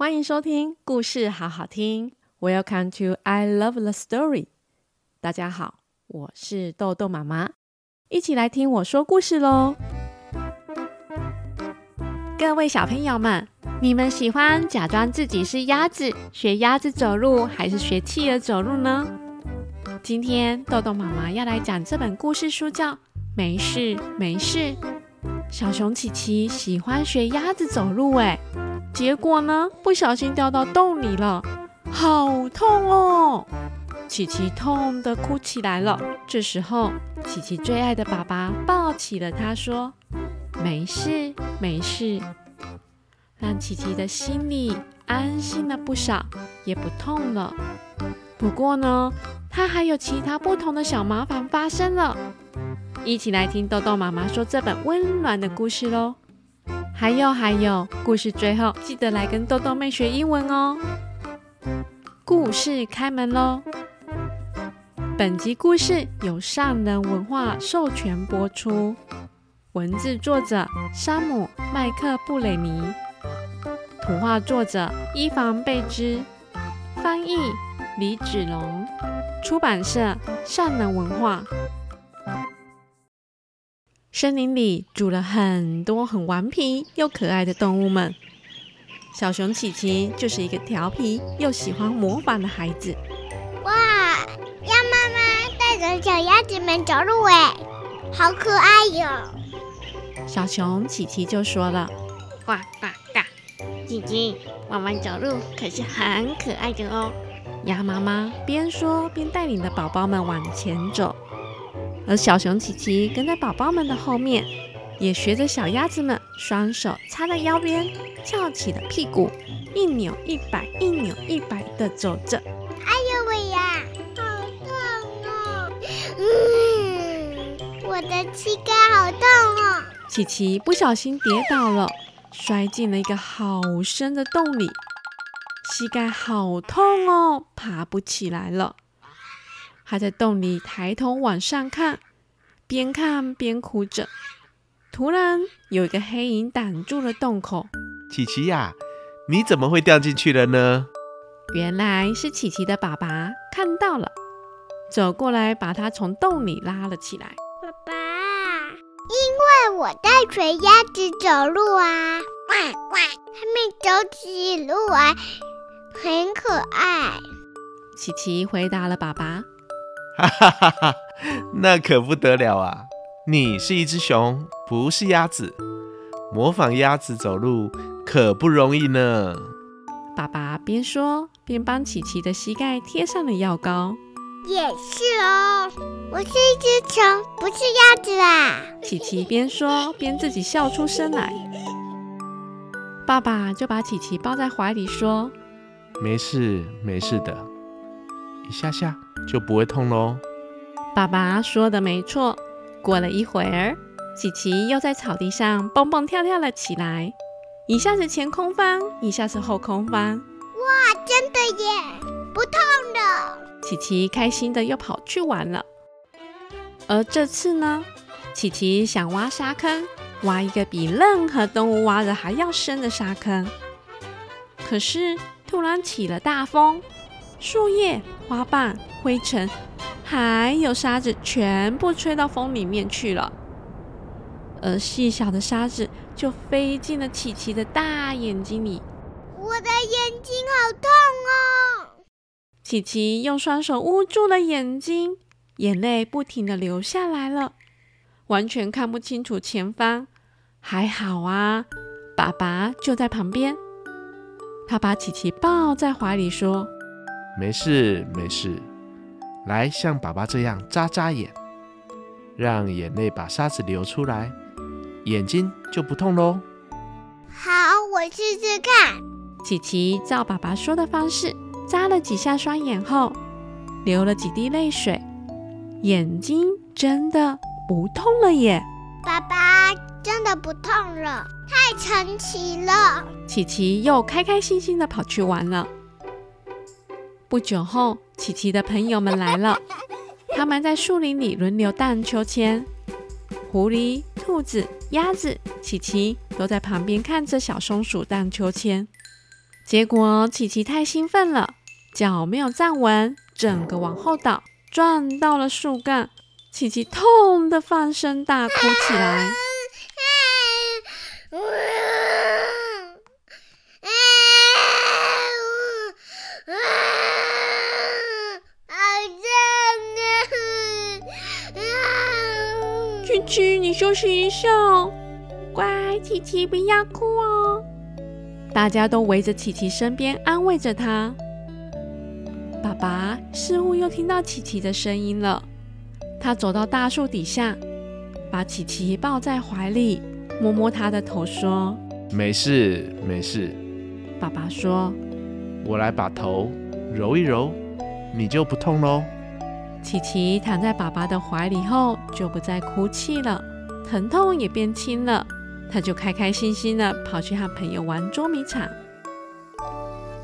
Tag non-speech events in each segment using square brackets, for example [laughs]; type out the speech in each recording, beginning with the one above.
歡迎收聽故事好好聽。Welcome to I love the story。大家好，我是豆豆媽媽，一起來聽我說故事嘍。各位小朋友們，你們喜歡假裝自己是鴨子，學鴨子走路，還是學企鵝走路呢？今天豆豆媽媽要來講這本故事書，叫《沒事沒事》，小熊奇奇喜歡學鴨子走路，誒。結果呢，不小心掉到洞裡了，好痛哦！奇奇痛得哭起來了。這時候，奇奇最愛的爸爸抱起了他，說：“沒事，沒事。”讓奇奇的心裡安心了不少，也不痛了。不過呢，他還有其他不同的小麻煩發生了。一起來聽荳荳媽媽說這本溫暖的故事嘍。還有還有，故事最後記得來跟荳荳妹學英文哦。故事開門嘍！本集故事由上人文化授權播出，文字作者山姆·麥克布雷尼，圖畫作者伊凡·貝茲，翻譯李紫蓉，出版社上人文化。森林裡住了很多很頑皮又可愛的動物們。小熊奇奇就是一個調皮又喜歡模仿的孩子。哇，鴨媽媽帶着小鴨子們走路哎，好可愛喲、喔！小熊奇奇就說了：“呱呱呱，奇奇慢慢走路可是很可愛的哦、喔。”鴨媽媽邊說邊帶領着寶寶們往前走。而小熊奇奇跟在寶寶們的後面，也學着小鴨子們，雙手插在腰邊，翹起了屁股，一扭一擺，一扭一擺的走着。哎呦喂呀，好痛哦！嗯，我的膝蓋好痛哦。奇奇不小心跌倒了，摔進了一個好深的洞裡，膝蓋好痛哦，爬不起來了。他在洞裡抬頭往上看，邊看邊哭着。突然，有一個黑影擋住了洞口。“琪琪呀、啊，你怎麼會掉進去了呢？”原來是琪琪的爸爸看到了，走過來把他從洞裡拉了起來。“爸爸，因為我在學鴨子走路啊，呱呱，它們走起路來，很可愛。”琪琪回答了爸爸。哈哈哈，那可不得了啊！你是一隻熊，不是鴨子，模仿鴨子走路可不容易呢。爸爸邊說邊幫奇奇的膝蓋貼上了藥膏。也是哦，我是一隻熊，不是鴨子啊！奇奇邊說邊自己笑出聲來。 [laughs] 爸爸就把奇奇抱在懷裡說：“沒事，沒事的，一下下。”就不會痛嘍。爸爸說的沒錯。過了一會兒，奇奇又在草地上蹦蹦跳跳了起來，一下子前空翻，一下子後空翻。哇，真的耶，不痛了！奇奇開心的又跑去玩了。而這次呢，奇奇想挖沙坑，挖一個比任何動物挖的還要深的沙坑。可是突然起了大風。樹葉、花瓣、灰塵，還有沙子，全部吹到風裡面去了。而細小的沙子就飛進了奇奇的大眼睛裡。我的眼睛好痛哦！奇奇用雙手捂住了眼睛，眼淚不停地流下來了，完全看不清楚前方。還好啊，爸爸就在旁邊。他把奇奇抱在懷裡說。沒事，沒事。來，像爸爸這樣眨眨眼，讓眼淚把沙子流出來，眼睛就不痛嘍。好，我試試看。奇奇照爸爸說的方式眨了幾下雙眼後，流了幾滴淚水，眼睛真的不痛了耶！爸爸真的不痛了，太神奇了！奇奇又開開心心地跑去玩了。不久後，奇奇的朋友們來了，他們在樹林裡輪流盪秋千，狐狸、兔子、鴨子，奇奇都在旁邊看着小松鼠盪秋千。結果，奇奇太興奮了，腳沒有站穩，整個往後倒，撞到了樹幹，奇奇痛得放聲大哭起來。不是雲秀，乖奇奇，不要哭哦！大家都圍着奇奇身邊安慰着她。爸爸似乎又聽到奇奇的聲音了，他走到大樹底下，把奇奇抱在懷裡，摸摸她的頭，說：“沒事，沒事。”爸爸說：“我來把頭揉一揉，你就不痛嘍。”奇奇躺在爸爸的懷裡後，就不再哭泣了。疼痛也變輕了，他就開開心心的跑去和朋友玩捉迷藏。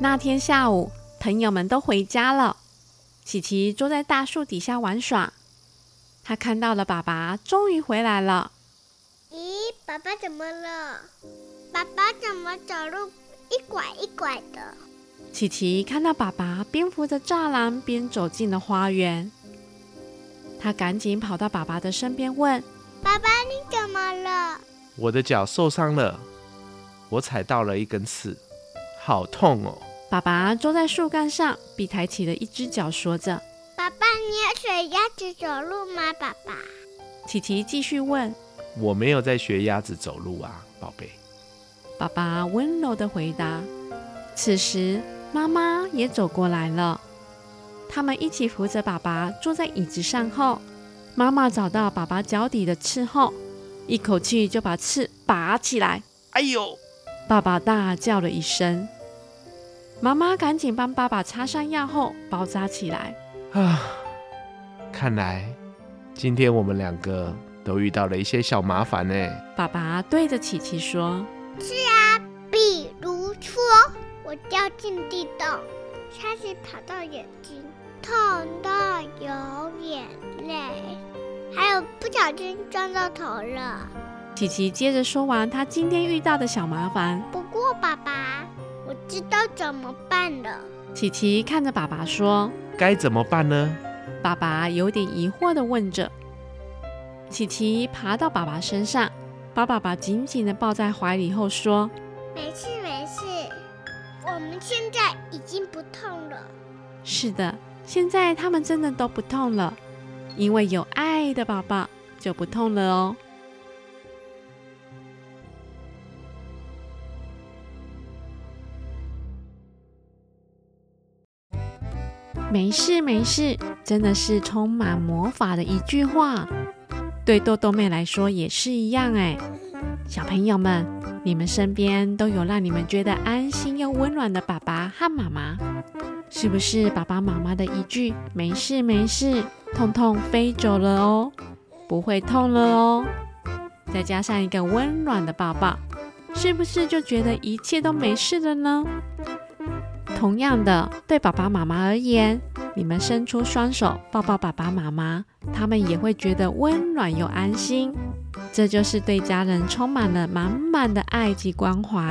那天下午，朋友們都回家了，奇奇坐在大樹底下玩耍。他看到了爸爸終於回來了。咦，爸爸怎麼了？爸爸怎麼走路一拐一拐的？奇奇看到爸爸邊扶着柵欄邊走進了花園，他趕緊跑到爸爸的身邊問。爸爸，你怎麼了？我的腳受傷了，我踩到了一根刺，好痛哦。爸爸坐在樹幹上，並抬起了一只腳，說着：“爸爸，你要學鴨子走路嗎？”爸爸，琪琪繼續問：“我沒有在學鴨子走路啊，寶貝。”爸爸溫柔的回答。此時，媽媽也走過來了，他們一起扶着爸爸坐在椅子上後。媽媽找到爸爸腳底的刺後，一口氣就把刺拔起來。哎呦！爸爸大叫了一聲。媽媽趕緊幫爸爸擦上藥後包扎起來。啊，看來今天我們兩個都遇到了一些小麻煩呢。爸爸對着奇奇說：“是啊，比如說我掉進地洞，沙子跑到眼睛。”痛到有眼淚，還有不小心撞到頭了。奇奇接着說完他今天遇到的小麻煩。不過，爸爸，我知道怎麼辦了。奇奇看着爸爸說：“該怎麼辦呢？”爸爸有點疑惑的問着。奇奇爬到爸爸身上，把爸爸緊緊的抱在懷裡後說：“沒事沒事，我們現在已經不痛了。”是的。現在他們真的都不痛了，因為有愛的寶寶就不痛了哦。沒事沒事，真的是充滿魔法的一句話，對豆豆妹來說也是一樣哎。小朋友們，你們身邊都有讓你們覺得安心又溫暖的爸爸和媽媽。是不是爸爸媽媽的一句“沒事沒事”，痛痛飛走了哦，不會痛了哦。再加上一個溫暖的抱抱，是不是就覺得一切都沒事了呢？同樣的，對爸爸媽媽而言，你們伸出雙手抱抱爸爸媽媽，他們也會覺得溫暖又安心。這就是對家人充滿了滿滿的愛及關懷。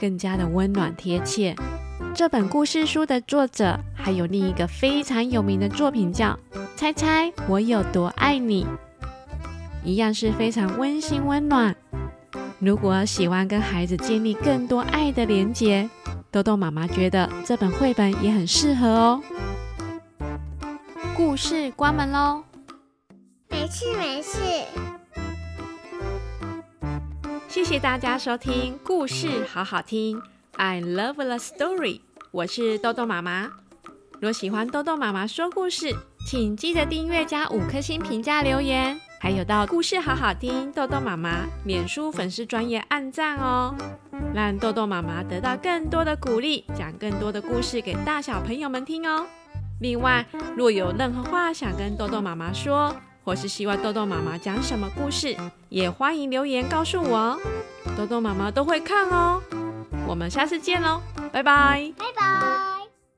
更加的溫暖貼切。這本故事書的作者還有另一個非常有名的作品叫《猜猜我有多愛你》，一樣是非常溫馨溫暖。如果喜歡跟孩子建立更多愛的連接，豆豆媽媽覺得這本繪本也很適合哦。故事關門嘍。沒事沒事。謝謝大家收聽故事好好聽，I love the story。我是荳荳媽媽。若喜歡荳荳媽媽說故事，請記得訂閱加五顆星評價留言，還有到故事好好聽荳荳媽媽臉書粉絲專頁按贊哦，讓荳荳媽媽得到更多的鼓勵，講更多的故事給大小朋友們聽哦。另外，若有任何話想跟荳荳媽媽說，或是希望豆豆媽媽講什麼故事，也歡迎留言告訴我哦，豆豆媽媽都會看哦。我們下次見嘍，拜拜，拜拜。